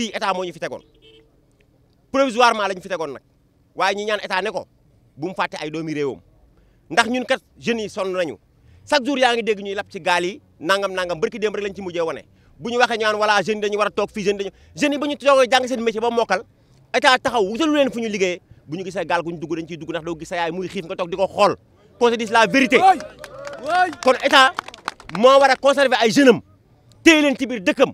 fii état moo ñu fi tegoon provisoirement lañ fi tegoon nag waaye ñu ñaan état ne ko bu mu fàtte ay doomi réewam ndax ñun kat jeunes yi na nañu chaque jour yaa ngi dégg ñuy lap ci gaal yi nangam nangam barki démb rek lañ ci mujjee wane bu ñu waxee ñaan wala jeunes dañu war a toog fii jeunes dañu jeunes yi ba ñu toogee jàng seen métier ba mokkal état taxaw wutalu leen fu ñu liggéeyee bu ñu gisee gaal gu ñu dugg dañ ciy dugg ndax doo gis sa yaay muy xiif nga toog di ko xool qu'on se dise la moo war a conserver ay jeunes am téye leen ci biir dëkkam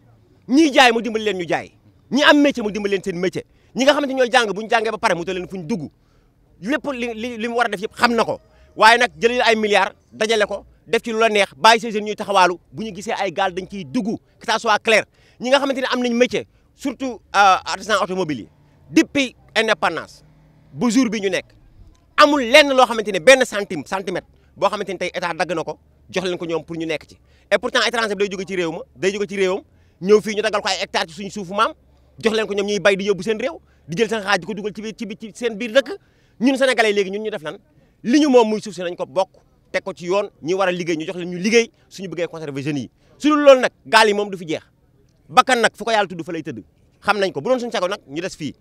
ñiy jaay mu dimbali leen ñu jaay ñi am métier mu dimbaleen leen seen métier ñi nga xamante ñooy jàng bu ñu jàngee ba pare mu ta leen fu ñu dugg li li mu war a def yëpp xam na ko waaye nag jëlal ay milliards dajale ko def ci lu la neex bàyyi say jeunes ñuy taxawaalu bu ñu gisee ay gaal dañ ciy dugg que ça soit ñi nga xamante ne am nañ métier surtout euh, artisan automobile yi depuis indépendance bu jour bi ñu nekk amul lenn loo xamante ne benn centime centimètre boo xamante ne tey état dagg na ko jox leen ko ñoom pour ñu nekk ci et pourtant étranger day jóge ci réew ma day jóge ci réewam ñëw fii ñu daggal ko ay hectares ci suñu suufu maam jox leen ko ñoom ñuy bay di yóbbu seen réew di jël seen xaaj di ko dugal ci biir ci biir seen biir dëkk ñun sénégalais léegi ñun ñu def lan li ñu moom muy suuf si nañ ko bokk teg ko ci yoon ñi war a liggéey ñu jox leen ñu liggéey suñu bëggee conserver jeunes yi su dul loolu nag gaal yi moom du fi jeex bakkan nag fu ko yàlla tudd fa lay tëdd xam nañ ko bu doon suñu sago nag ñu des fii